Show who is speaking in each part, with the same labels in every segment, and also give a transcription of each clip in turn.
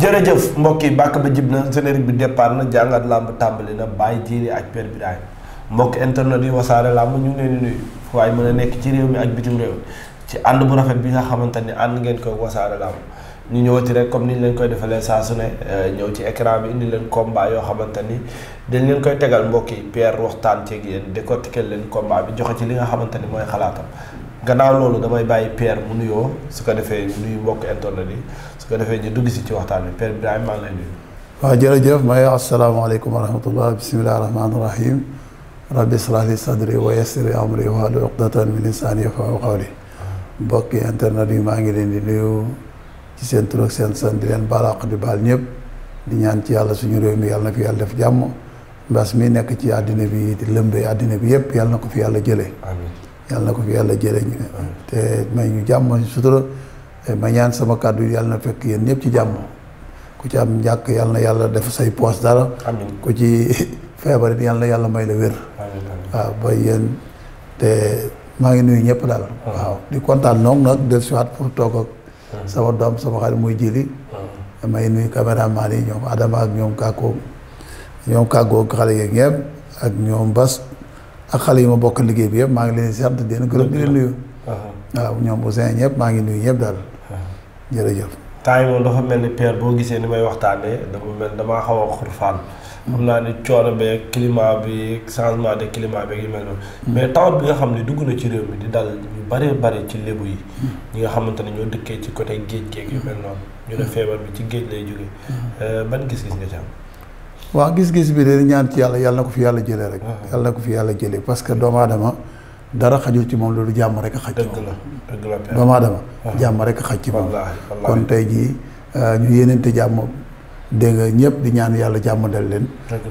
Speaker 1: jërëjëf mbokk yi bàkk ba jib na générique bi départ na jàngat làmb tàmbali na bàyyi jiiri ak Père Birahim mbokk internet yi wasaare làmb ñu ngi leen di waaye mun a nekk ci réew mi ak bitim réew ci ànd bu rafet bi nga xamante ni ànd ngeen koy wasaare làmb ñu ñëwati rek comme ni ñu leen koy defalee saa su ne eh, ñëw ci écran bi indi leen combat yoo xamante ni dañ leen koy tegal mbokk yi Père waxtaan ceeg yéen décortiquer leen combat bi joxe ci li nga xamante ni mooy xalaatam gannaaw loolu damay bàyyi Pierre mu nuyoo su ko defee nuyu mbokk internet yi su ko defee ñu dugg si ci waxtaan bi Pierre Birahim maa ngi lay nuyu.
Speaker 2: waaw jërëjëf may asalaamaaleykum wa rahmatullah bisimilah rahmaani rahim rabbi israh li sadri wa yassir li amri wahlul uqdatan min lisani yafqahu qawli mbokki internet yi maa ngi leen di nuyu ci seen tur seen sant di leen baal ñëpp di ñaan ci yàlla suñu réew mi yàlla na fi yàlla def jàmm mbas mi nekk ci àddina bi di lëmbee àddina bi yëpp yàlla na ko fi yàlla jëlee. amiin yàlla na ko fi yàlla jëlee ñu te may ñu jàmm sutura eh, ma ñaan sama kàddu yàlla na fekk yéen ñëpp ci jàmm ku ci am njàkk yàlla yàlla def say poos dal ku ci feebar it yàlla na yàlla may la wér waaw ba yéen te maa ngi nuyu ñëpp daal ah. waaw di kontaan noonu nag del siwaat pour toog ak ah. sama doom sama xarit mooy jili ah. may nuyu caméraman yi ñoom Adama ak ñoom Kako ñoom Kako xale yeeg ñëpp ak ñoom Bas ak xale yu ma bokk liggéey bi yëpp maa ngi leen di sant di leen gërëm di leen nuyu. Uh-huh. waaw ñoom Ousin ñëpp maa ngi nuyu yëpp daal. Uh-huh.
Speaker 1: jërëjëf. temps yi moom dafa mel ni Père boo gisee ni may waxtaanee dama mel damaa xaw a xurfaan. xam naa ni coono beeg climat bi changement de climat beeg yu mel noonu. Hmm. mais tawat bi nga xam ne dugg na ci réew mi di dal ñu bëree bëri ci lébu yi. Hmm. ñi nga xamante ne ñoo dëkkee ci côté géej géej yu mel noonu. ñu ne hmm. feebar bi ci géej lay jógee. Euh, ban gis-gis nga
Speaker 2: waaw gis-gis bi de ñaan ci yàlla yàlla na ko fi yàlla jëlee rek. yàlla na ko fi yàlla jëlee parce que doomu dara xajul ci moom lu jàmm rek a xaj. dëgg la dëgg la doomu ah. jàmm rek a xaj ci moom. kon tey jii euh, ñu yéeneente jàmm dégg nga ñëpp di ñaan yàlla jàmm dal leen.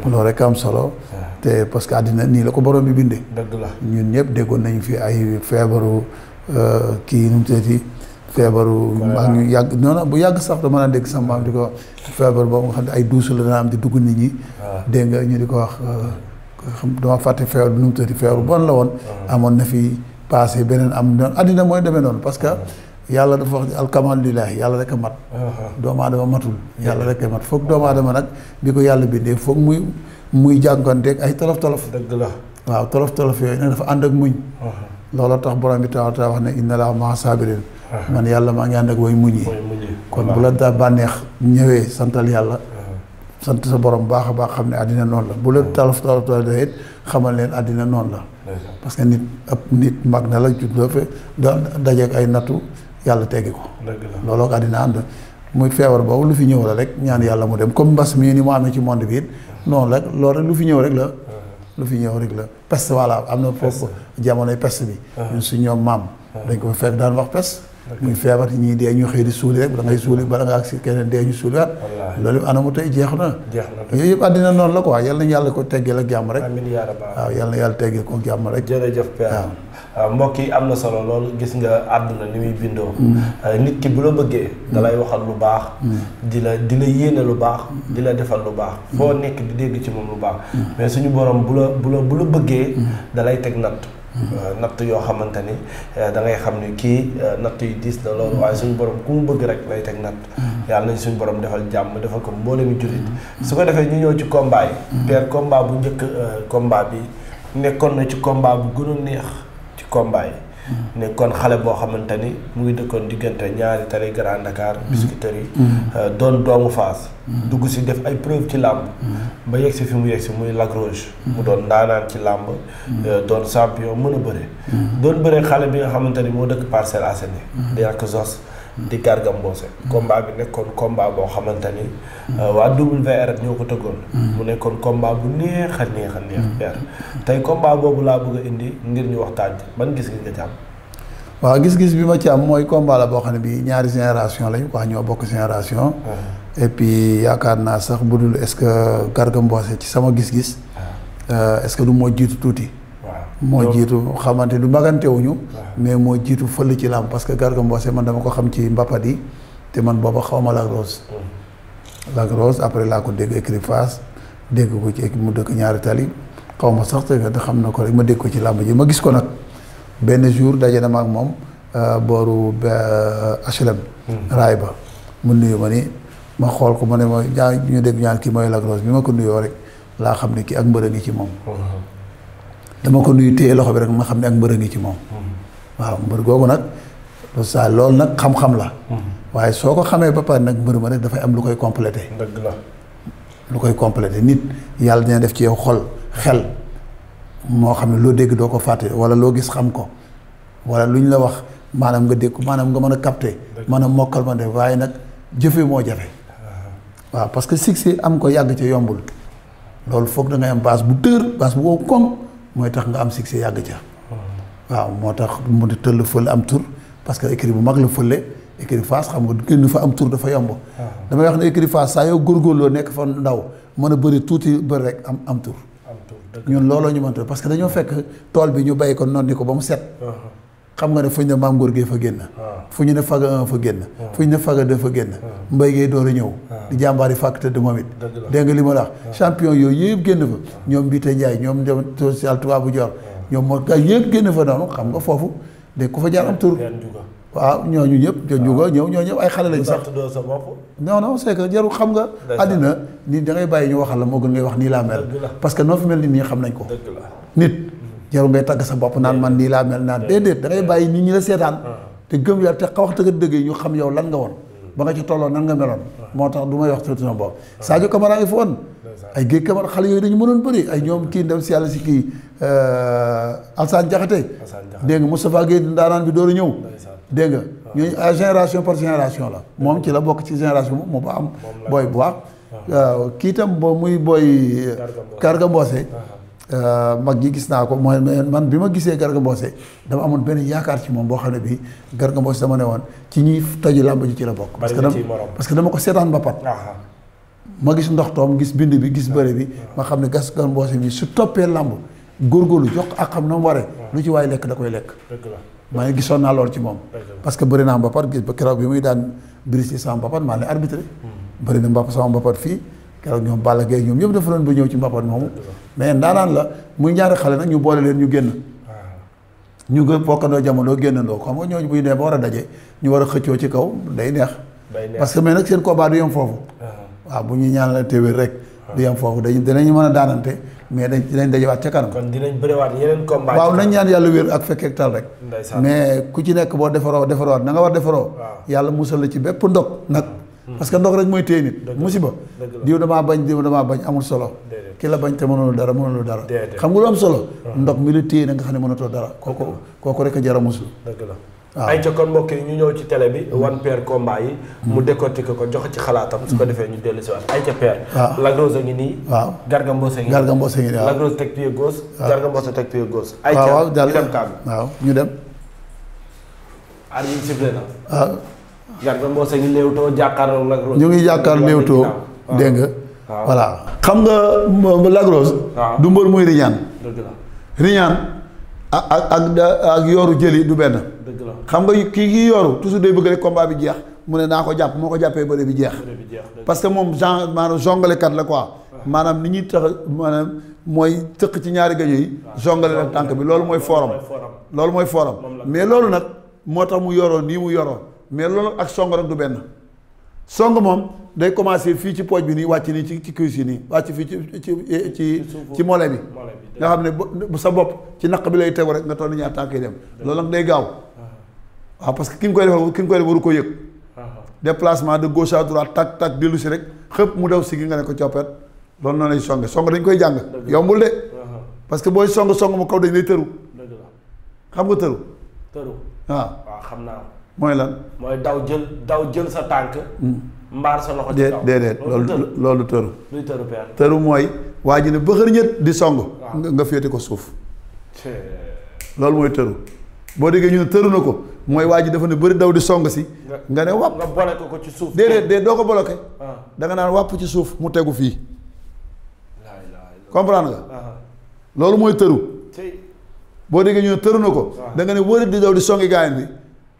Speaker 2: loolu rek am solo. Ah. te parce que àddina nii la ko boroom bi bindee. dëgg la ñun ñëpp déggoon nañu fi ay feebaru euh, kii nu feebaru mag ñu yàgg noonu bu yàgg sax dama daan dégg sa maam di ko wax feebar boobu nga xam ne ay duusu la dana am di dugg nit ñi ah. dégg ñu di ko wax euh, xam dama fàtte feebar bi nu mu tëddi feebar bon la woon ah. amoon na fi passé beneen am noonu àddina mooy demee noonu parce que ah. yàlla dafa wax alkamal lillaahi yàlla rek a mat doomu aadama matul yàlla rek a mat foog doomu aadama nag bi ko yàlla bindee foog muy muy de ay tolof tolof dëgg la waaw tolof tolof yooyu nag dafa looloo tax borom bi taala taala wax ne inna laa maa saabiriin ah. man yàlla maa ngi ànd ak way muñ yi kon bu la da bànneex ñëwee santal yàlla ah. sant sa borom baax a baax xam ne àddina noonu la bu la talof ah. talof xamal leen àddina noonu la parce que nit ab nit mag na la juddoo fe da dajeek ay nattu yàlla teggi ko looloo ko àddina ànd muy feebar boobu lu fi ñëw la rek ñaan yàlla mu dem comme mbas mii ni mu amee ci monde bi it noonu rek loolu rek lu fi ñëw rek la lu fi ñëw rek la peste voilà am na foofu jamonoy pest bi ah. ñun su ñoom maam ah. dañ ko fekk daan wax peste muy feebar ñii dee ñu xëy di suuli rek bala ngay suuli bala nga ak si keneen dee ñu suuliwaat loolu anamu tey jeex na yooyu yëpp àddina noonu la quoi yal nañu yàlla ko teggeel ak jàmm rek waaw yal na yàlla teggee ko jàmm rek waaw Euh, mbokk yi am na solo lool
Speaker 1: gis nga àdduna ni muy bindoo mm. euh, nit ki bu la bëggee mm. da lay waxal lu baax mm. di la di la yéene lu baax di la defal lu baax foo nekk di dégg ci moom lu baax mais suñu borom bu la bu la bëggee dalay teg natt euh, natt yoo xamante ni da xam ni kii natt yu diis na loolu waaye suñu borom ku mu bëgg rek lay teg natt. yàlla nañ suñu borom defal jàmm defal ko mboolemi jullit. su ko defee ñu ñëw ci combat yi. père bu njëkk combat bi nekkoon na ci combat bu gën a neex. combat ne kon xale boo xamante ni mu ngi dëkkoon diggante ñaari tali Grand Dakar. Mm-hmm. Biscuiterie yi. Mm-hmm. Euh, doon doomu Faas. Mm-hmm. dugg si def ay preuve ci làmb. ba yegg si fi mu yegg si muy lagrose mu doon ndaanaan ci làmb. Euh, doon champion mën a bëre. doon bëre xale bi nga xamante ni moo dëkk Parcelles Assainies. di ak Zos. di Garga Mbossé. combat bi nekkoon combat boo xamante ni. Euh, waa WR ñoo ko tëggoon. Mm. mu nekkoon combat bu neex a neex a neex. Mm. père tey combat boobu laa bëgg indi ngir ñu waxtaan ci ban gis-gis nga ci am.
Speaker 2: waaw gis-gis bi ma ci am mooy combat la boo xam ne bii ñaari génération lañu wax ñoo bokk génération. Uh-huh. et puis yaakaar naa sax bu dul est-ce que Garga Mbossé ci sama gis-gis. Uh-huh. Euh, est-ce que du moo jiitu tuuti. moo jiitu xamante du magantewuñu mais moo jiitu fël ci làmp parce que Garga Mbossé man dama ko xam ci mbapat yi te man booba xawma Lac Rose mm. Lac après laa ko dégg écurie Fass dégg ko ci équipe mu dëkk ñaari tali xaw ma sax te xam na ko rek ma dégg ko ci làmb ji ma gis ko nag benn jour daje na ma ak moom euh, booru HLM. Euh, mm. raay ba mu nuyu ma ni ma xool ko ma ne ma ñaa ñu dégg ñaan kii mooy Lac Rose bi ma ko nuyoo rek laa xam ne kii ak mbërë ngi ci moom mm-hmm. dama ko nuyu téye loxo bi rek ma xam ne ak mbër a ngi ci moom waaw mbër googu nag sa loolu nag xam-xam la waaye soo ko xamee ba pare nag mbër ma rek dafay am lu koy complété dëgg lu koy complété nit yàlla dina def ci yow xol xel moo xam ne loo dégg doo ko fàtte wala loo gis xam ko wala lu ñu la wax maanaam nga dégg maanaam nga mën a capté mën a mokkal ma def waaye nag jëfe moo jafe ah. waaw parce que si am ko yàgg ci yombul loolu foog da am base bu tër base bu ko koŋ mooy tax nga am succès yàgg ca. waaw moo tax mu tëll fël am tur parce que écurie bu mag la fële écurie Fass xam nga génn fa am tur dafa yomb. damay wax ne écurie Fass saa yow góorgóorloo nekk fa ndaw mën a bëri tuuti bëri rek am am tur. ñun looloo ñu mënta parce que dañoo fekk tool bi ñu bay ko noonu ko ba mu set. Uh-huh. xam nga ne fu ñu ne maam góor gee fa génn ah. fu ñu ne faga un fa génn ah. fu ñu ne faga deux fa génn ah. mbay gee door a ñëw di jàmbaari fàkk tëdd moom it dégg nga li ma la wax champion yooyu yëpp génn fa ñoom Mbite Njaay ñoom dem social tubaab bu moo gaa yëpp xam nga foofu de ku fa jaar am tur ñooñu ñëpp ñoo juga ñëw ñoo ñëpp ay xale lañ sax non non c'est que jarul xam nga àddina nit da ngay bàyyi ñu waxal la moo gën ngay wax nii laa mel parce que noo fi mel nit ñi xam nañ ko nit jarul ngay tagg sa bopp naan man nii laa mel naan déedéet da ngay bàyyi nit ñi la seetaan te gëm yàlla te xaw wax dëgg dëgg yi ñu xam yow lan nga woon ba nga ci tolloo nan nga meloon moo tax du may wax sama bopp Sadio Camara ngi fi woon ay géej Camara xale yooyu dañu mënoon bëri ay ñoom kii ndem si yàlla si kii euh, Alsane Diakhaté dégg nga Moustapha Gueye ndaanaan bi door a ñëw dégg nga ñooñu ay génération par génération la moom ci la bokk ci génération moom moo ba am booy bu baax waaw kii boo muy booy Garga Mbossé ah. Euh, mag ji gis naa ko mooy man bi ma gisee Garga Mbossé dama amoon benn yaakaar ci moom boo xam ne bii Garga Mbossé dama ne woon ci ñuy toji làmb ji ci la bokk. parce que dama parce que dama ko seetaan ba pat. ma gis ndox toom gis bind bi gis bëre bi ma xam ne Garga Mbossé bi su toppee làmb góorgóorlu jox ak xam na mu waree. lu ci waay lekk da koy lekk. ma ngi gisoon naa lool ci moom. parce que bëri naa mbapat gis ba keroog bi muy daan brise sama mbapat maa ngi arbitré. Hmm. bëri na mbapat sama mbapat fii keroog ñoom Balla Gaye ñoom dafa doon ba ñëw ci mbapat moomu mais ndaanaan la muy ñaari xale nag ñu boole leen ñu génn. ñu gën bokkandoo jamono génnandoo xam nga ñooñu bu ñu nee ba war a daje ñu war a xëccoo ci kaw day neex. parce que mais nag seen combat du yem foofu. waaw bu ñuy ñaanal téwér rek. du yem foofu dañu dinañu mën a daanante mais dañ dinañ dajewaat ca kanam. kon
Speaker 1: dinañ bëriwaat yeneen combat waaw nañ ñaan
Speaker 2: yàlla wér ak fekkeek tal rek. mais ku ci nekk boo defaroo defarowaat na nga war defaroo. yàlla musal la ci bépp ndog nag. Hmm. parce que ndog rek mooy téye nit musiba diw damaa bañ diw damaa bañ amul solo. ki bañ te mënul dara mënul dara. xam nga lu am solo. Ah. ndox mi lu téye na nga xam ne mënatoo dara kooku kooku rek a jar a musul.
Speaker 1: la waaw ah. ay mbokk yi ñu ci télé bi wan mm. paire combat mm. mu décortiquer ko joxe ci xalaatam. su mm. defee ñu dellu si waat ay ca paire. waaw ah. Lac a ngi nii. waaw Garga Mbossé ngi. Garga Mbossé ngi waaw Lac Rose teg pied gauche. waaw Garga Mbossé teg pied gauche. ay ca ñu na. léewtoo jàkkaarloo Lac Rose. ñu ngi jàkkaar léewtoo
Speaker 2: dégg voilà xam nga Lac Rose du mbër muy riñaan riñaan ak ak ak yooru jëli du benn xam nga kii kii yoru toujours day bëgg rek combat bi jeex mu ne naa ko jàpp moo ko jàppee bëre bi jeex parce que moom genre maanaam jongalekat la quoi maanaam ni ñuy tax maanaam mooy tëq ci ñaari gaño yi jongale la tànk bi loolu mooy forum loolu mooy forum mais loolu nag moo tax mu yoroo nii mu yoroo mais loolu ak song rek du benn song moom day commencé fii ci pooj bi nii wàcc nii ci ci cuisse yi nii wàcc fii ci ci ci ci mole bi nga xam ne sa bopp ci naq bi lay tegu rek nga toll ni ñaar tànk yi dem loolu nag day gaaw ah. waaw parce que ki nga koy defal ki nga koy def waru ko yëg ah. déplacement de gauche à droite tak tak dellu si rek xëpp mu daw si gi nga ne ko coppet loolu noonu lay songe song dañ koy jàng yombul de ah. parce que booy song song mu kaw dañ lay tëru xam nga tëru waaw xam naa mooy lan.
Speaker 1: mooy daw jël daw jël sa tànk. Hmm. mbaar sa loxo ci kaw déedéet loolu
Speaker 2: loolu tëru. tëru mooy waa ji ne bëxër ñett di song. nga nga féete ko suuf. loolu mooy tëru. boo déggee ñu ne tëru na ko mooy waa ji dafa ne bëri daw di song si.
Speaker 1: nga ne wàpp nga ko ci suuf. déedéet déedéet
Speaker 2: doo ko bloqué. Ah. danga nga naan wàpp ci suuf mu tegu fii. comprendre la loolu mooy tëru. boo déggee ñu ne tëru na ko. Ah. da nga ne wëri di daw di songi gaayan bi.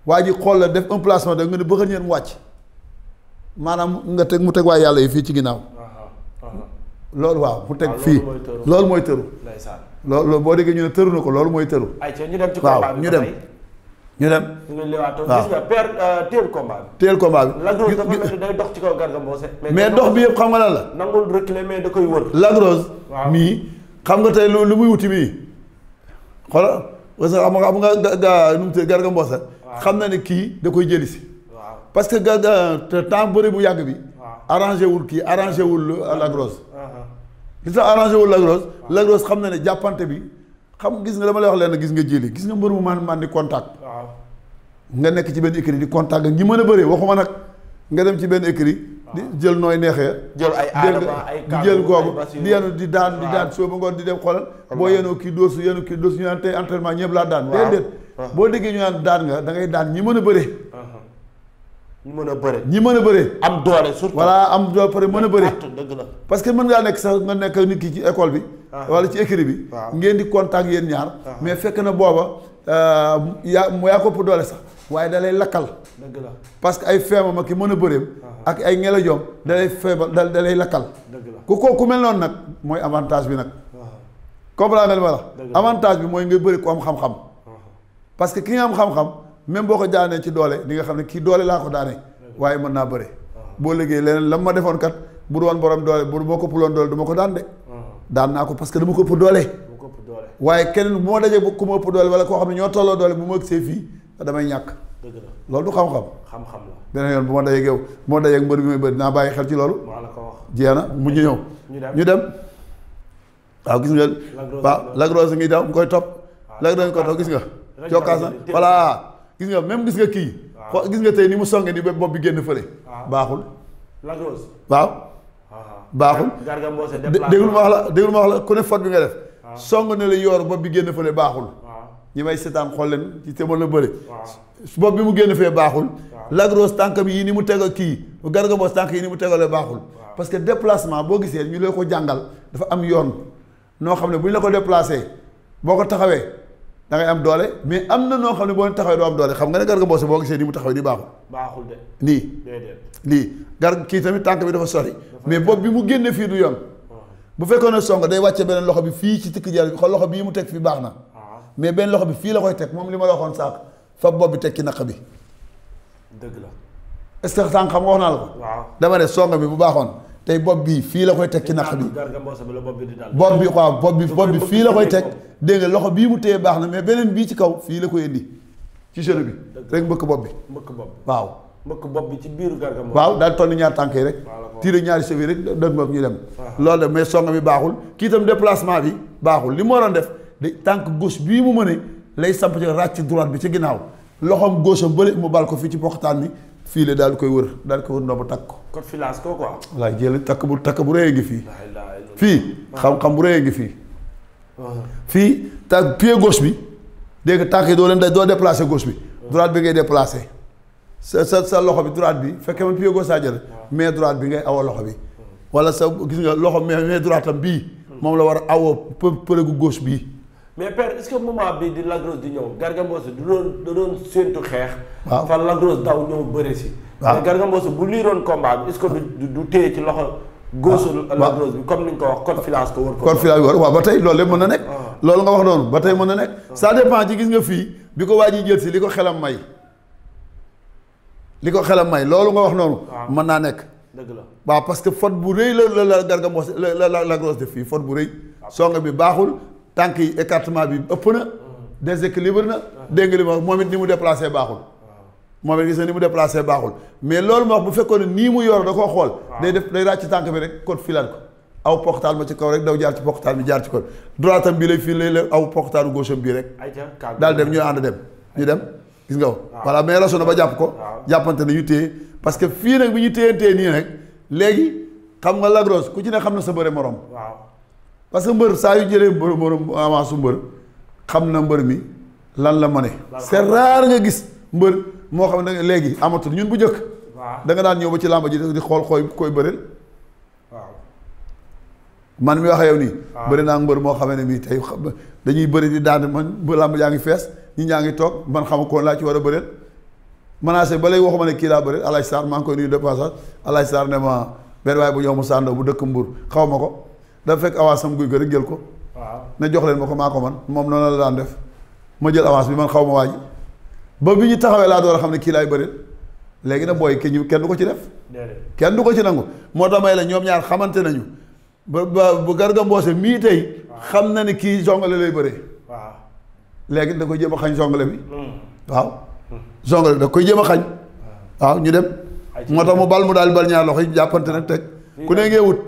Speaker 2: waa ji xool la def un placement da nga ne bëgg ngeen mu wàcc maanaam nga teg mu teg waay yàlla yi fii ci ginnaaw. loolu waaw mu teg ah, fii loolu mooy tëru. loolu boo degee ñu ne tëru na ko loolu mooy tëru. ayca ñu dem ci combat bi waaw ñu dem. ñu dem
Speaker 1: waaw gis nga père euh, teel combat
Speaker 2: teel combat bi.
Speaker 1: Lagrosse dafa mel ni day ci kaw Garga Mbossé.
Speaker 2: mais dox bi yëpp xam nga lan la. nangul reculer mais da koy wër. Lagrosse. waaw mii xam nga tey lu lu muy wuti mii xoolal parce que xam nga nga ga nu mu tëddee Garga Mbossé xam na ne kii da koy jëli si. parce que ga temps bëri bu yàgg bi. arrangé wul kii arrangé wul Lac Rose. li uh-huh. tax arrangé wul Lac Rose. Lac Rose xam na ne jàppante bi xam gis nga dama lay wax leen gis nga jëli gis nga mbër mu man man di contact. nga nekk ci benn écrit di contact ak ñi mën a bëree waxuma nag nga dem ci benn écrit. di jël nooy neexee. jël ay aadama ay di googu di yenu di daan di daan soo ba ngoon di dem xoolal. boo yenoo kii doosu yenu kii doosu ñu naan tey entraînement ñëpp laa daan. déedéet Uh-huh. boo déggee ñu daan nga dangay daan ñi mën a bëre. Uh-huh. ñi mën a bëre. ñi mën a bëre. am doole surtout. voilà am doole pare mën a bëre. dëgg la parce que mën ngaa nekk sax nga nekk nit ki ci école bi. Uh-huh. wala ci écrit bi. ngeen di contact yéen ñaar. mais fekk na booba euh, yaa yaa ko pour doole sax waaye dalay lakkal. dëgg la parce que ay feemam ak ki mën a bëreem. ak ay ngelaw jom da feebar da da lakkal. dëgg la ku ko ku mel noonu nag mooy avantage bi nag. comprendre nga ma la. avantage bi mooy nga bëri ku am xam-xam. parce que ki nga am xam-xam même boo ko daanee ci doole di nga xam ne kii doole laa ko daanee waaye mën naa bëre boo liggéey leneen lam ma defoon kat bu doon borom doole bu ma ko puloon doole du ma ko daan de daan naa ko parce que dama ko ëpp doole waaye keneen bu ma dajee ku ma ëpp doole wala koo xam ne ñoo tolloo doole bu ma ëgsee fii damay ñàkk loolu du xam-xam xam-xam la beneen yoon bu ma dajee yow bu ma dajee ak mbër bi may bëri naa bàyyi xel ci loolu jeex na ñu ñu dem waaw gis nga waaw Lac Rose ngi daw mu koy topp Lac Rose ngi koy gis nga cokkaas voilà gis nga même gis nga kii ah. gis nga tey ni mu songe ni ba bi génn fële ah. baaxul waaw ah. baaxul déglu ma wax la déglu ma wax la ku ne fot bi nga def song ne la yoor bopp bi génn fële baaxul ñi may seetaan xool leen ci te mën la bëri bopp bi mu génn fee baaxul lagros tànkam yi ni mu tegal kii Garga Mbossé tànk yi ni mu tegalee baaxul parce que déplacement boo gisee ñu la ko jàngal dafa am yoon noo xam ne bu ñu la ko déplacé boo ko taxawee da am doole mais am na noo xam ne boo taxawee doo am doole xam nga ne Garga Mbossé boo gisee nii mu taxawee nii baaxul.
Speaker 1: baaxul de. nii
Speaker 2: nii gar kii tamit tànk bi dafa sori. mais bopp bi mu génne fii du yoon. bu fekkoon ne song day wàcce beneen loxo bi fii ci tikki jal loxo bii mu teg fii baax na. mais benn loxo bi fii la koy teg moom li ma la waxoon sànq fa bopp bi teg ci naq bi. dëgg la. est-ce que xam nga wax naa la ko. waaw dama ne song bi bu baaxoon. tey bopp bi fii la koy teg ci naq bi
Speaker 1: bopp bi waaw bopp bi bopp bi fii la koy teg
Speaker 2: dégg nga loxo bii mu téye baax na mais beneen bii ci kaw fii la koy indi ci genou bi rek mbëkk bopp bi waaw
Speaker 1: mbëkk bopp bi ci biiru Gargamboose waaw daal tonni
Speaker 2: ñaar tànk yi rek tiire ñaari cheville rek doon bopp ñu dem loolu de mais songa bi baaxul kii itam déplacement bi baaxul li mu waroon def de tànk gauche bii mu mëne lay samp ci ràcc droite bi ci ginnaaw loxom gauche am bële mu bal ko fii ci poqtaan bi fii la daal koy wër daal koy wër ndomb takk ko. code ko quoi. waaw jël takk bu takk bu rëy ngi fii. fii xam-xam bu rëy ngi fii. fii tànk pied gauche bi dégg tànk yi doo leen doo déplacé gauche bi. droite bi ngay déplacé. sa sa sa loxo bi droite bi fekkee man pied gauche saa mais droite bi ngay awa loxo bi. wala sa gis nga loxo mais mais droite am bii. moom la war a awoo pë përëgu gauche bii.
Speaker 1: mais père est-ce que moment bi di Lac Rose di ñëw Garga du doon da doon séntu xeex. waaw fan Lac Rose daw ñëw bëre si. waaw mais Garga bu liiroon combat bi est-ce que du du ci loxo. góosu ah, Lac Rose bi comme ni nga ko wax confiance ko wër
Speaker 2: ko. confiance wër waaw ba tey loolu lépp mën na nekk. Ah. loolu nga wax noonu ba tey mën na nekk. Ah. ça dépend ci gis nga fii bi ko waa ji jël si li ko xelam may. li ko xelam may loolu nga wax noonu. mën naa nekk. dëgg la waaw parce que faute bu rëy la la la Garga Mbossé la la Lac Rose fii faute bu rëy. songa bi baaxul tànk yi écartement bi ëpp na déséquilibre na mm. dégg nga moom it ni mu déplacé baaxul moom it gis na ni mu déplacé baaxul mais loolu ma wax bu fekkoon ne nii mu yor da koo xool day def day ràcc tànk bi rek code filaat ko aw poxtaan ma ci kaw rek daw jaar ci poxtaan bi jaar ci code droitam bii lay fii lay la aw poxtaanu gauche am bii rek daal dem ñu ànd dem ñu dem gis nga ko mais rasu ba jàpp ko jàppante ne ñu téye parce que fii nag bi ñu téyantee nii rek léegi xam nga lagros ku ci xam na sa bëre morom parce que mbër saa yu jëlee borom avance su mbër xam na mbër mi lan la ma ne c'est rare nga gis mbër moo xam ne léegi amatul ñun bu njëkk da nga daan ñëw ba ci làmba ji di xool xooy koy bëreel man mi wax yow nii bëri naa mbër moo xamee ne mii tey dañuy bëri di daan man bu làmb jaa ngi fees ñi ñaa ngi toog man xama koon laa ci war a bëreel manacé ba léegi waxuma ne kii laa bëreel Alaaji Sarr maa ngi koy nuyu de passage Alaaji ne ma benn waaye bu ñëw mu sàndoo bu dëkk mbur xaw ma ko dafa fekk avance am guy ko rek jël ko. waaw ne jox leen ma ko maa ko man moom noonu la daan def ma jël avance bi man xaw ma waa ji ba bi ñu taxawee laa door a xam ne kii laay bëreel léegi nag booy kenn du ko ci def. kenn du ko ci nangu moo tax may ñoom ñaar xamante nañu ba ba bu Garga Mbossé mii tey. xam na ne kii jongale lay bëree. waaw léegi da koy jéem a xañ jongale bi. Hmm. waaw hmm. jongale da koy jëm a xañ. waaw ñu dem. moo tax mu bal mu daal bal ñaar loxo yi jàppante nag teg ku ne ngee wut.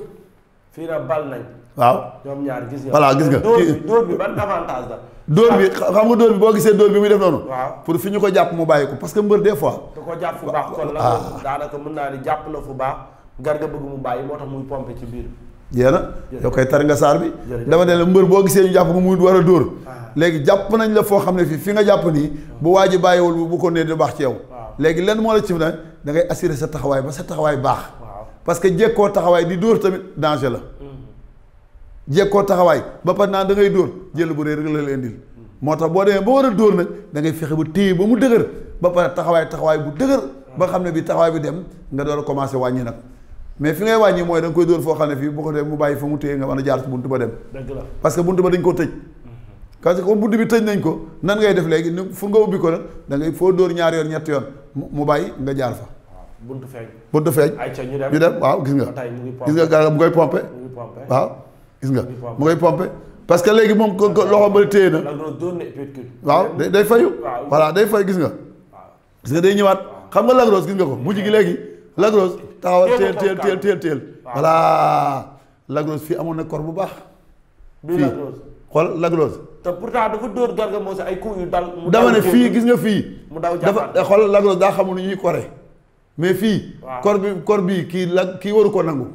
Speaker 1: fii nag bal nañ. waaw ñoom ñaar gis nga. voilà gis nga dóor bi dóor bi ban
Speaker 2: avantage dóor bi ah. xam nga dóor bi boo gisee dóor bi muy def noonu. waaw pour fi ñu ko jàpp mu bàyyi ko parce que mbër dee fois.
Speaker 1: da ko jàpp fu baax kon ah. daanaka mën naa ni jàpp na fu baax garga mu bàyyi moo tax muy pompe ci biir.
Speaker 2: yéen a koy tar nga saar bi dama ne la mbër boo gisee ñu jàpp nga war a dóor ah. léegi jàpp nañ la foo xam ne fii fi nga jàpp nii bu waa ji bàyyiwul bu ko nee di baax ci yow léegi lenn moo la ci na da ngay assurer sa taxawaay ba sa taxawaay baax parce que jekkoo taxawaay di dóor tamit danger la jekkoo taxawaay ba pare naa da ngay dóor jël bu rëy rek la leen indil moo tax boo demee ba war a dóor nag da ngay fexe bu téye ba mu dëgër ba pare taxawaay taxawaay bu dëgër ba xam ne bi taxawaay bi dem nga door a commencé wàññi nag mais fi ngay wàññi mooy da koy dóor foo xam ne fii boo ko dee mu bàyyi fa mu téye nga mën a jaar ci buntu ba dem parce que ba dañ koo tëj parce que bi tëj nañ ko nan ngay def léegi fu nga ubbi ko nag da ngay foo dóor ñaari yoon ñetti yoon mu bàyyi nga jaar fa buntu feeñ. buntu feeñ. ayca ñu dem ñu dem waaw gis nga. gis nga garab mu koy pompé. mu
Speaker 1: ngi pompé waaw
Speaker 2: gis nga. mu koy pompe parce que léegi moom ko loxo ba téye na.
Speaker 1: waaw day day fayu. voilà
Speaker 2: day fay gis nga. gis nga day ñëwaat xam nga lagros gis nga ko mujj gi léegi lagros. taxawal téel téel téel téel téel. lagros fii amoon na kor bu baax. fii xool lagros.
Speaker 1: te pourtant dafa dóor garga moo si ay coups yu dal. dama ne fii gis
Speaker 2: nga fii. mu daw dafa xool lagros daa xamul nu ñuy koree mais fii. kor bi kor bi kii la kii waru ko nangu.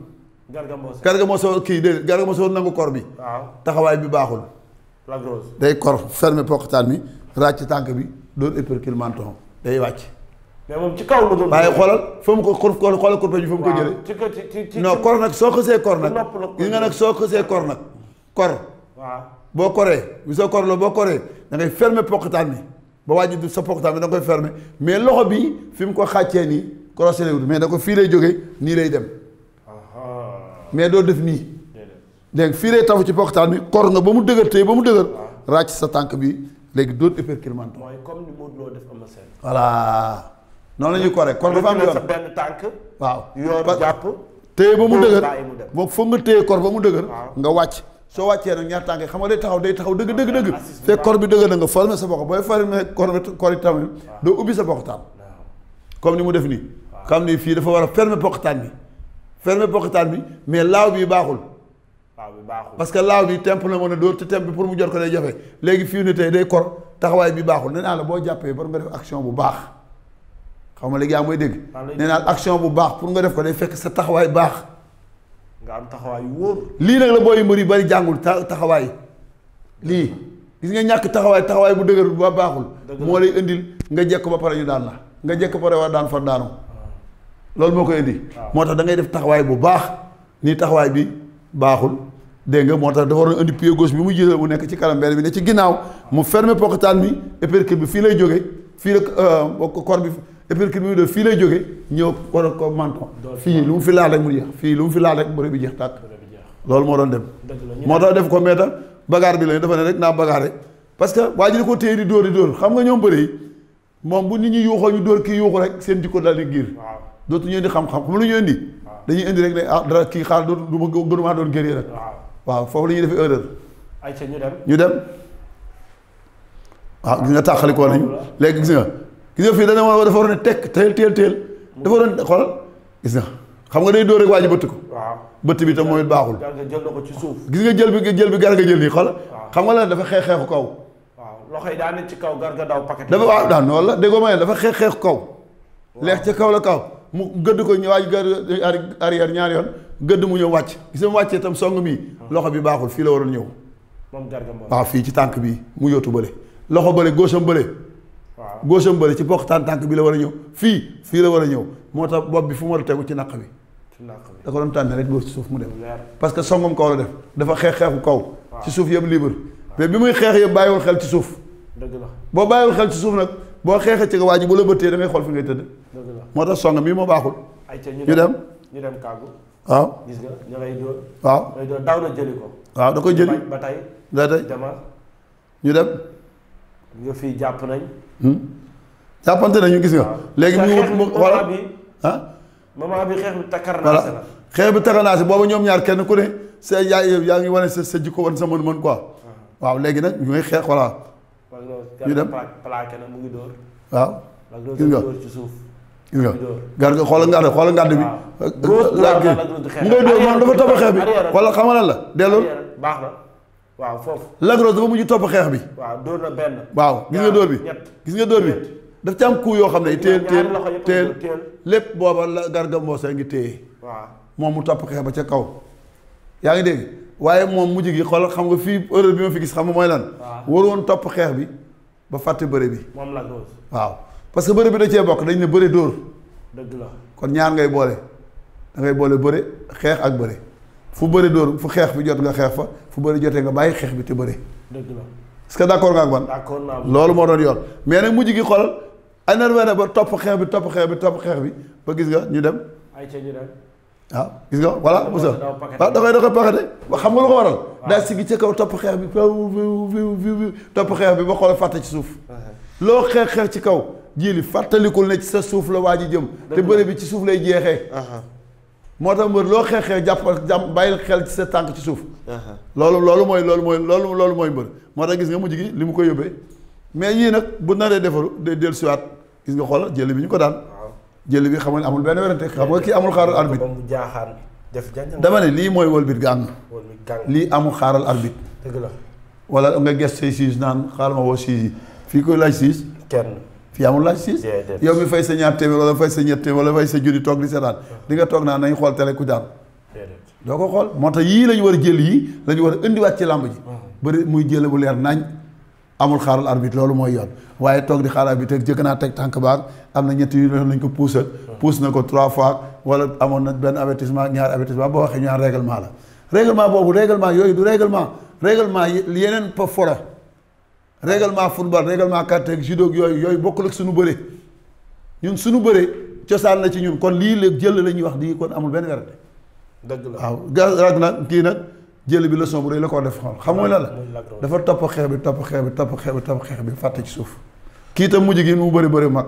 Speaker 2: garga mosoo kii déedéet garga mosoo nangu kor bi. taxawaay bi baaxul. day kor fermer poqtaan mi ràcc tànk bi doon épercule menton wàcc.
Speaker 1: mais moom ci kaw la xoolal
Speaker 2: fa mu ko xool xoolal kurpeñ bi fa mu ko jëlee.
Speaker 1: ci ko ci ci non kor nag soo
Speaker 2: xësee kor nag. gis nga nag soo xësee kor nag. kor. waaw boo koree bu soo kor la boo koree da ngay fermer poqtaan bi ba wàññi sa poqtaan bi da nga koy fermer mais loxo bi fi mu ko xàccee nii. croisé lay wut mais da ko fii lay jóge nii lay dem mais doo def nii dégg fii lay tafu ci poktaan bi kor nga ba mu dëgër tey ba mu dëgër ah. ràcc sa tànk bi léegi dóor uppercut manteau.
Speaker 1: mooy comme ni Modou Lo def Eumeu Sène.
Speaker 2: voilà noonu la ñuy coré kor dafa am yoon benn tànk. waaw yoon jàpp. téye ba mu dëgër boo foog nga téye kor ba mu dëgër. nga wàcc soo wàccee nag ñaar tànk xam nga day taxaw day taxaw dëgg dëgg dëgg. Ah, te kor bi dëgër na nga former sa bopp booy former kor kor itam ah. doo ubbi sa bopp taam comme ni mu def nii. xam ne fii dafa war a fermer poqataan bi fermer poqataan bi mais laaw bi baaxul. laaw bi baaxul parce que laaw bi temp na mën a dóor te temp bi pour mu jot ko day joxe léegi fii ne tey day kor taxawaay bi baaxul nee naa la boo jàppee ba nga def action bu baax xam nga léegi yaa mooy dégg. nee naa action bu baax pour nga def ko day fekk sa taxawaay baax. nga am taxawaay yu wóor. lii nag la booy mbër yi bari jàngul taxawaay lii gis nga ñàkk taxawaay taxawaay bu dëgër ba baaxul. moo lay indil nga jekk ba pare ñu daan la nga jekk ba pare war daan fa daanu. loolu moo koy indi. moo tax da ngay def taxawaay bu baax ni taxawaay bi baaxul. dégg nga moo tax dafa waroon indi pied gauche bi mu jëlee mu nekk ci kanam benn bi ne ci ginnaaw mu fermer poqetaan bi uppercut bi fii lay jógee fii la euh, corps bi uppercut bi mu def fii lay jógee ñëw war a ko menton fii lu mu fi laal rek mu jeex fii lu mu fi laal rek bëre bi jeex tàkk loolu moo doon dem moo tax def ko mais tam bagaar bi lañu dafa ne rek naa bagaare parce que waa ji da ko xam nga ñoom bëre yi moom bu nit ñi yuuxoo ñu dóor kii yuuxu rek seen jikko daal di giir dootu ñu indi xam-xam xam lu ñu indi dañuy indi rek ne ah dara kii xaal dootu du ma gënumaa doon guerrier rek waaw foofu la ñuy defee erreur ñu dem ñu dem waaw ah, gis nga tàqalikoo nañu léegi gis nga gis nga fii dana ma dafa tekk teel teel teel dafa waroon xool gis nga nga day dóor waa ji bëtt ko bëtt bi tam mooy baaxul gis nga jël bi jël bi nga jël nii xool xam nga la dafa xeex xeexu kaw
Speaker 1: loxo yi daa ne ci kaw gar nga daw paquet dafa waaw daan
Speaker 2: noonu la déggoo ma ne dafa xeex xeexu kaw leex ca kaw la kaw mu gëdd ko ñu waaj gë arrière ñaari yoon gëdd mu ñëw wàcc gis nga wàccee itam song mi loxo bi baaxul fii la war waroon ñëw.
Speaker 1: moom Garga Mbossé waaw
Speaker 2: fii ci tànk bi mu yóotu bële loxo bële góosam bële. waaw góosam bële ci poqtaan tànk bi la war a ñëw fii fii la war a ñëw moo tax bopp bi fu mu war a ci naq bi. ci da ko doon tànn rek góor suuf mu dem. parce que songam kaw la def dafa xeex xeexu kaw. ci suuf yëpp libre. bi muy xeex yëpp bàyyiwul xel ci suuf. dëgg la boo bàyyiwul xel ci suuf nag boo xeexee ci waa ji bu la bëttee da ngay xool fi ngay tëdd moo tax song mii moo baaxul. ñu dem ñu dem kàggu. waaw
Speaker 1: gis nga ñu lay dóor. waaw lay dóor ko. waaw da koy jëli ba tey.
Speaker 2: da tey ñu dem.
Speaker 1: ñu fii jàpp nañ.
Speaker 2: Hmm? jàppante nañu gis nga. léegi ñu wut mu wala ah. moment bi
Speaker 1: xeex bi takkar naa si la.
Speaker 2: xeex bi takkar boobu ñoom ñaar kenn ku ne sa yaay yaa ngi wane sa sa jikko wan sa mën ko quoi. waaw léegi nag ñu ngi xeex voilà. ñu dem
Speaker 1: plaqué mu ngi dóor. waaw
Speaker 2: gis nga. gis nga garga xoolal ngàdd xoolal ngàdd bi lak mu ngay dóor moom dafa topp xeex bi xoolal xam nga la delloo
Speaker 1: baax na waaw foofu
Speaker 2: Lac Rose dafa mujj topp xeex bi waaw dóor na waaw gis nga dóor bi gis nga dóor bi daf ci am coup yoo xam ne téel téel téel lépp booba la garga mboosee ngi téye waaw moom mu topp xeex ba ca kaw yaa ngi dégg waaye moom mujj gi xoolal xam nga fii erreur bi fi gis xam nga mooy lan waroon topp xeex bi ba fàtte bëre bi
Speaker 1: moom Lac Rose
Speaker 2: waaw parce que bëri bi da cee bokk dañ ne bëri dóor. dëgg la kon ñaar ngay boole da ngay boole bëri xeex ak bëri fu bëri dóor fu xeex bi jot nga xeex fa fu bëri jotee nga bàyyi xeex bi te bëri. dëgg la est que d'accord nga ak man.
Speaker 1: d'accord loolu
Speaker 2: moo doon yoon mais nag mujj gi xoolal énervé na ba topp xeex bi topp xeex bi topp xeex bi ba gis nga ñu dem. ay ca ñu dem. waaw ah, gis nga voilà Moussa waaw da koy da koy paxate xam nga lu ko waral. daal si gi kaw topp xeex bi topp xeex bi ba xool fàtte ci suuf. loo xeex xeex ci kaw jiili fàttalikul ne ci sa suuf la waa ji jëm. te bëre bi ci suuf lay jeexee. moo tax mbër loo xeex xeex jàppal jàpp bàyyil xel ci sa tànk ci suuf. loolu loolu mooy loolu mooy loolu loolu mooy mbër moo tax gis nga mujj gi li mu ko yóbbee mais yii nag bu naree defaru day dellusiwaat gis nga xoolal jëli bi ñu ko daan. jëli bi xam nga amul benn werante xam nga kii amul xaaral arbitre. dama ne lii mooy wëlbit gàng. lii amul xaaral arbitre. dëgg la. wala nga ges say siis naan xaaral ma woo fii koy laaj siis kenn fii amul laaj siis yow mi fay sa ñaar téeméer wala fay sa ñett téeméer wala fay sa junni toog di seetaan di nga toog naa nañ xool télé ku daan doo ko xool moo tax yii lañu war a jël yii lañu war a indiwaat ci làmb ji hmm. bëri muy jële bu leer nañ amul xaaral arbitre loolu mooy yoon waaye toog di xaar arbitre jëkk naa teg tànk baar am na ñetti yu nañ ko puusal hmm. puus na ko trois fois wala amoon na benn avertissement ñaar avertissement boo waxee ñaar règlement la règlement boobu yooyu du règlement règlement yeneen règlement football règlement kàtt ak judo yooyu yooyu bokkul ak suñu bëree ñun suñu bëree cosaan la ci ñun kon lii la jël la ñuy wax di kon amul benn werante dëgg la waaw gaz nag kii nag jël bi leçon bu rëy la def xam xam nga la la dafa topp xeex bi topp xeex bi topp xeex bi xeex bi fàtte ci suuf kii itam mujj gi mu bëri bëri mag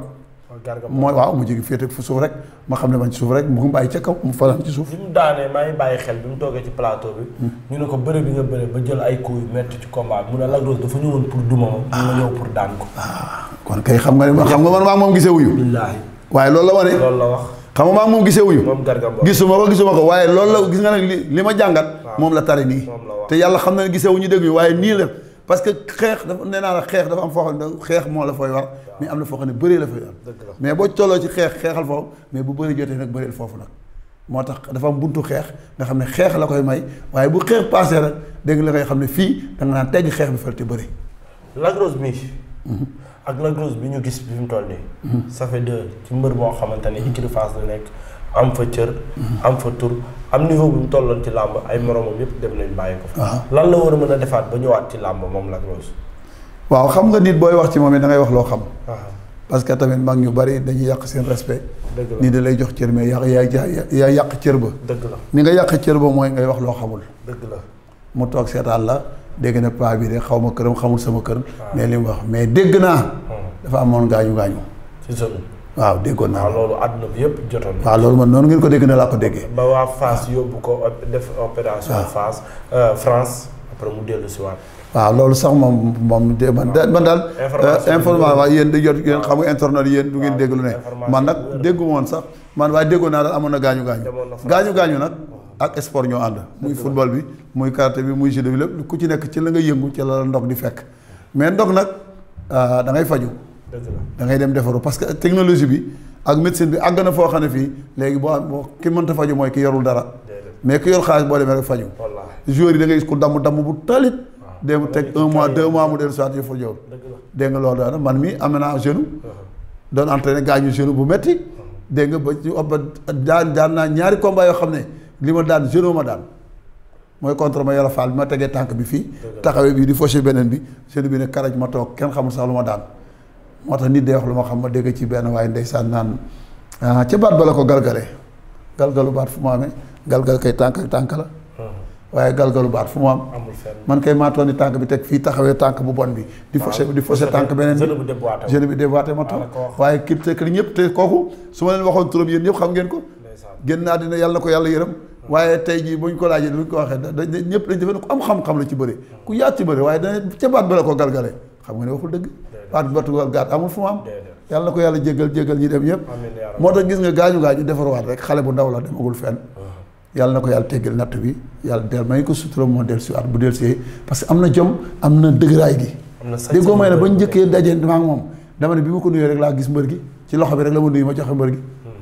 Speaker 2: mooy waaw mu jigi féete fa suuf rek ma xam ne man ci suuf rek mu bàyyi ca kaw mu fanaan ci suuf bi mu
Speaker 1: daanee maa bàyyi xel bi mu toogee ci plateau bi hmm. ñu ne ko bëre bi nga bëre ba jël ay coups yu metti ci combat bi mu ne Lac Rose dafa ñëwoon pour duma ma mu ah. ñëw pour daan ko ah.
Speaker 2: kon kay xam nga ne xam nga man maa moom gisee wuyu waaye lool la wane loolu la wax xam nga moom gisee wuyu gisuma ko gisuma ko waaye loolu la gis nga nag li li ma jàngat moom la tari nii te yàlla xam na ne gisee wuñu waaye nii la parce que xeex dafa nee naa la xeex dafa am foo xeex moo la fay war am na foo xam ne bëree la fay war mais boo tolloo ci xeex xeexal foofu mais bu bëri jotee nag bëreel foofu nag moo tax dafa am buntu xeex nga xam ne xeex la koy may waaye bu xeex paasee rek dégg la koy xam ne fii da naa naan xeex bi fal te bëri
Speaker 1: Lac Rose mi mhm. ak Lac bi ñu gis bi mu toll nii mhm. ça fait ci mbër boo xamante ne écurie Fass la nekk am fa cër. am fa tur am niveau bu mu tolloon ci làmb ay moromam yëpp dem nañ bàyyi ko fa. lan la war a mën a defaat ba ñëwaat ci làmb moom Lac Rose.
Speaker 2: waaw xam nga nit booy wax ci moom it da ngay wax loo xam. parce que tamit mag ñu bari dañuy yàq seen respect. dëgg la nii lay jox cër mais yaa yaa yaa yàq cër ba. dëgg la ni nga yàq cër ba mooy ngay wax loo xamul. dëgg la mu toog seetaan la dégg na paa bi de xaw ma këram xamul sama kër. ne li mu wax mais dégg naa. dafa amoon gaañu gaañu. waaw déggoon naa
Speaker 1: loolu àdduna bi yëpp jotoon na. waaw
Speaker 2: loolu man noonu ngeen ko dégg ne laa ko déggee.
Speaker 1: ba waa Fass
Speaker 2: yóbbu ko def opération. Euh, France après mu dellu si waat. waaw loolu sax moom moom de man daal man daal. Euh, information waaw yéen di jot yéen xam nga internet yéen du ngeen dégg lu ne. man nag déggu woon sax man waaye déggoon naa daal amoon na gaañu gaañu. gaañu gaañu nag. ak sport ñoo ànd. muy football bi muy karaté bi muy judo bi lépp ku ci nekk ci la nga yëngu ci la la ndox di fekk mais ndox nag euh, da ngay faju da ngay dem defaru parce que technologie bi ak médecine bi àgg na foo xam ne fii léegi boo am ki mënta faju mooy ki yorul dara mais ki yor xaalis boo demee rek faju joueurs yi da ngay gis ku damm damm bu talit dem teg un mois deux mois mu dellu soit yëfu jow dégg nga loolu daana man mi am naa genou uh-huh. doon entraîné gaañu genou bu metti uh-huh. dégg nga ba ba daan daan naa ñaari combat yoo xam ne li ma daan genou ma daan mooy contre ma yara faal bi ma tegee tànk bi fii taxawee bii di fauché beneen bi genou bi ne karaj ma toog kenn xamul sax lu ma daan moo tax nit day wax lu ma xam ma dégg ci benn waaye saa naan ah, ca baat ba la ko galgale galgalu baat fu mu amee galgal kay tànk tànk la hmm. waaye galgalu baat fu mu am man kay maatoon ni tànk bi teg fii taxawee tànk bu bon bi di faussé di faussé tànk beneen bi jeune bi déboîté ma toog waaye kii te ñëpp te kooku su ma leen waxoon turam yéen ñëpp xam ngeen ko génn naa dina yàlla na ko yàlla yërëm hmm. waaye tey jii bu ñu ko laajee lu ñu ko waxee da ñëpp dañ defee ne ku am xam la ci bëri ku waaye dana ca ko galgale xam at batu gaat amul fu mu am yàlla na ko yàlla jégal jégal ñi dem ñëpp moo tax gis nga gaañu gaañu defarwaat rek xale bu ndaw la demagul fenn uh-huh. yàlla na ko yàlla teggal natt bi yàlla del may ko sutura moo del si at bu del si parce que am na jom am na dëgëraay gi déggoo may ba njëkkee daje maa ngi moom dama ne bi ma ko nuyoo rek laa gis mbër gi ci loxo bi rek la ma nuyu ma joxe mbër gi hmm.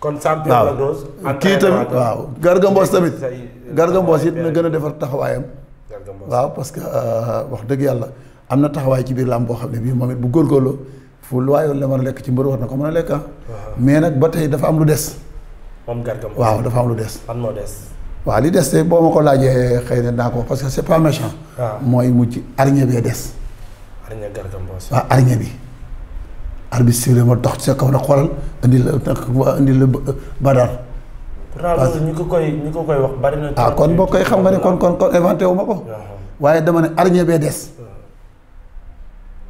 Speaker 1: kon champion la dose kii tamit waaw Garga Mbossé tamit euh,
Speaker 2: Garga Mbossé it na gën a defar taxawaayam waaw parce que euh, wax dëgg yàlla am na taxawaay ci biir làmb boo xam ne bii moom it bu góorgóorloo fu lu waayoon la mën a lekk ci mbër war na ko mën a lekk mais nag ba tey dafa am lu des.
Speaker 1: moom Garga waaw dafa am lu des. am moo des.
Speaker 2: li des boo ma ko laajee xëy na naa ko parce que mooy mujj arñe bee des.
Speaker 1: arñe Garga Mbossé.
Speaker 2: bi. arbitre sifflé ma dox ci sa kaw na xoolal indi la nag indi la badar.
Speaker 1: waaw ñu ko ko koy wax ah, kon boo koy xam nga ne kon
Speaker 2: kon kon inventé ko. waaye dama ne arñe bee des.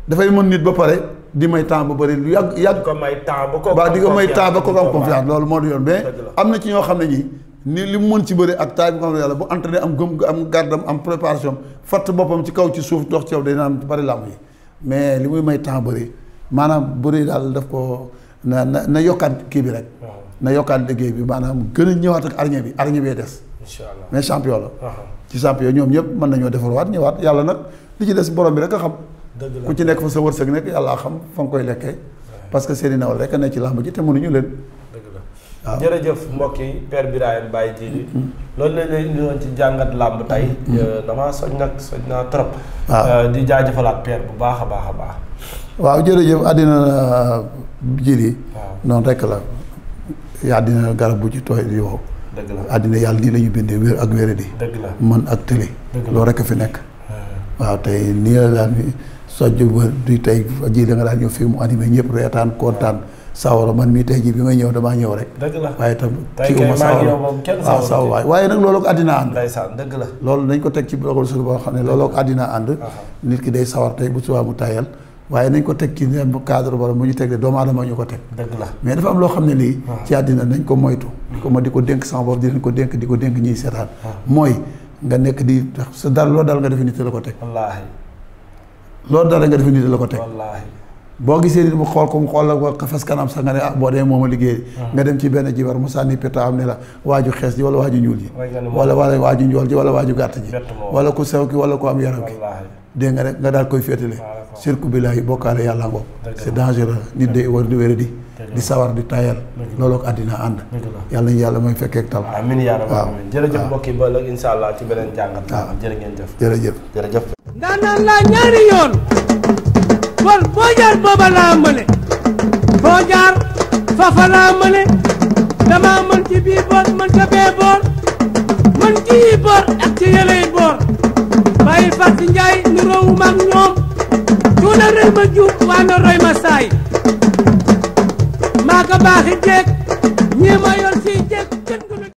Speaker 2: dafay mën nit ba pare di may temps bu bëri lu yàgg yàgg. di ko may temps ba ko. di ko may temps ko am confiance loolu moo di yoon mais. am na ci ñoo xam ne ñii ni li mu mën ci bëri ak taay bu ko yàlla bu entraîné am gëm am gardam am préparation fatt boppam ci kaw ci suuf dox ci yow day naan bari làmb yi mais li muy may temps bëri maanaam bëri daal daf ko na na na yokkaat kii bi rek. na yokkaat liggéey bi maanaam gën a ñëwaat ak arñe bi arñe bee des. incha allah mais champion la. ci champion ñoom mën nañoo defarwaat ñëwaat yàlla nag li ci des borom bi rek a xam ku ci nekk fa sa wërsëg nekk yàllaa xam fa nga koy lekkee parce que seeni nawal rek a nekk ci làmb ji te mënuñu leen
Speaker 1: waaw jërëjëf mbokk yi Père Birahim Baye Djily loolu lañ leen jàngat làmb tey mm-hmm. euh, damaa soj nag soj naa trop euh, di jaajëfalaat Père bu baax a baax a baax
Speaker 2: waaw jërëjëf àddina euh, Djily noonu rek la yaa àddina garab bu ci tooy di wow dëgg la àddina yàlla nii la ñu wér ak wéradi dëgg la mën ak tëli loolu rek fi nekk waaw tey nii la daan sojj ba du tey ji da nga daan ñëw fii mu animé ñëpp reetaan kontaan sawara man mii tey jii bi may ñëw damaa ñëw rek. waaye tam kii uma sawara waaw sawara waaye nag looloo ko àddina ànd. ndeysaan la loolu nañ ko teg ci loxol su boo xam ne looloo ko àddina ànd. nit ki day sawar tey bu subaa mu tayal. waaye nañ ko teg ci nem cadre borom mu ñu teg de doomu aadama ñu ko teg la mais dafa am loo xam ne lii ci àddina nañ ko moytu hmm. di ko ma di ko dénk sama bopp di leen ko dénk di ko dénk ñiy seetaan mooy nga nekk di sa dal loo dal nga defe nit la ko teg wallaahi loolu dara nga defe nit la ko teg boo gisee nit mu xool ko mu xool la ko fas kanam sax nga ne ah boo dee moom a liggéey ah. nga dem ci benn jibar mu sànni péta am ne la waaju xees ji wala waaju ñuul ji wala wala waaju njool ji wala waaju gàtt ji wala ku sew ki wala ku am yaram ki dégg nga rek nga daal koy féetale sirku bi laay bokkaale yàlla ngoog c'est dangereux nit day war di wéradi di sawar di tayal looloo àddina ànd yàlla ñu yàlla may fekkeek tal amiin yaa yi
Speaker 1: ba ëllëg ci beneen jàngat waaw jërë ngeen jëf
Speaker 2: jërëjëf jërëjëf
Speaker 1: laa ñaari yoon kon boo jaar booba laa mëne boo jaar fafa laa mëne dama mën ci bii boor mën ca bee boor
Speaker 2: mën ci yi boor ak ci yëley boor bàyyi fàtt njaay nu ñoom cuuna rëy ma waa na roy ma
Speaker 1: maa ko baaxi jeeg ñii ma yor si jeeg gën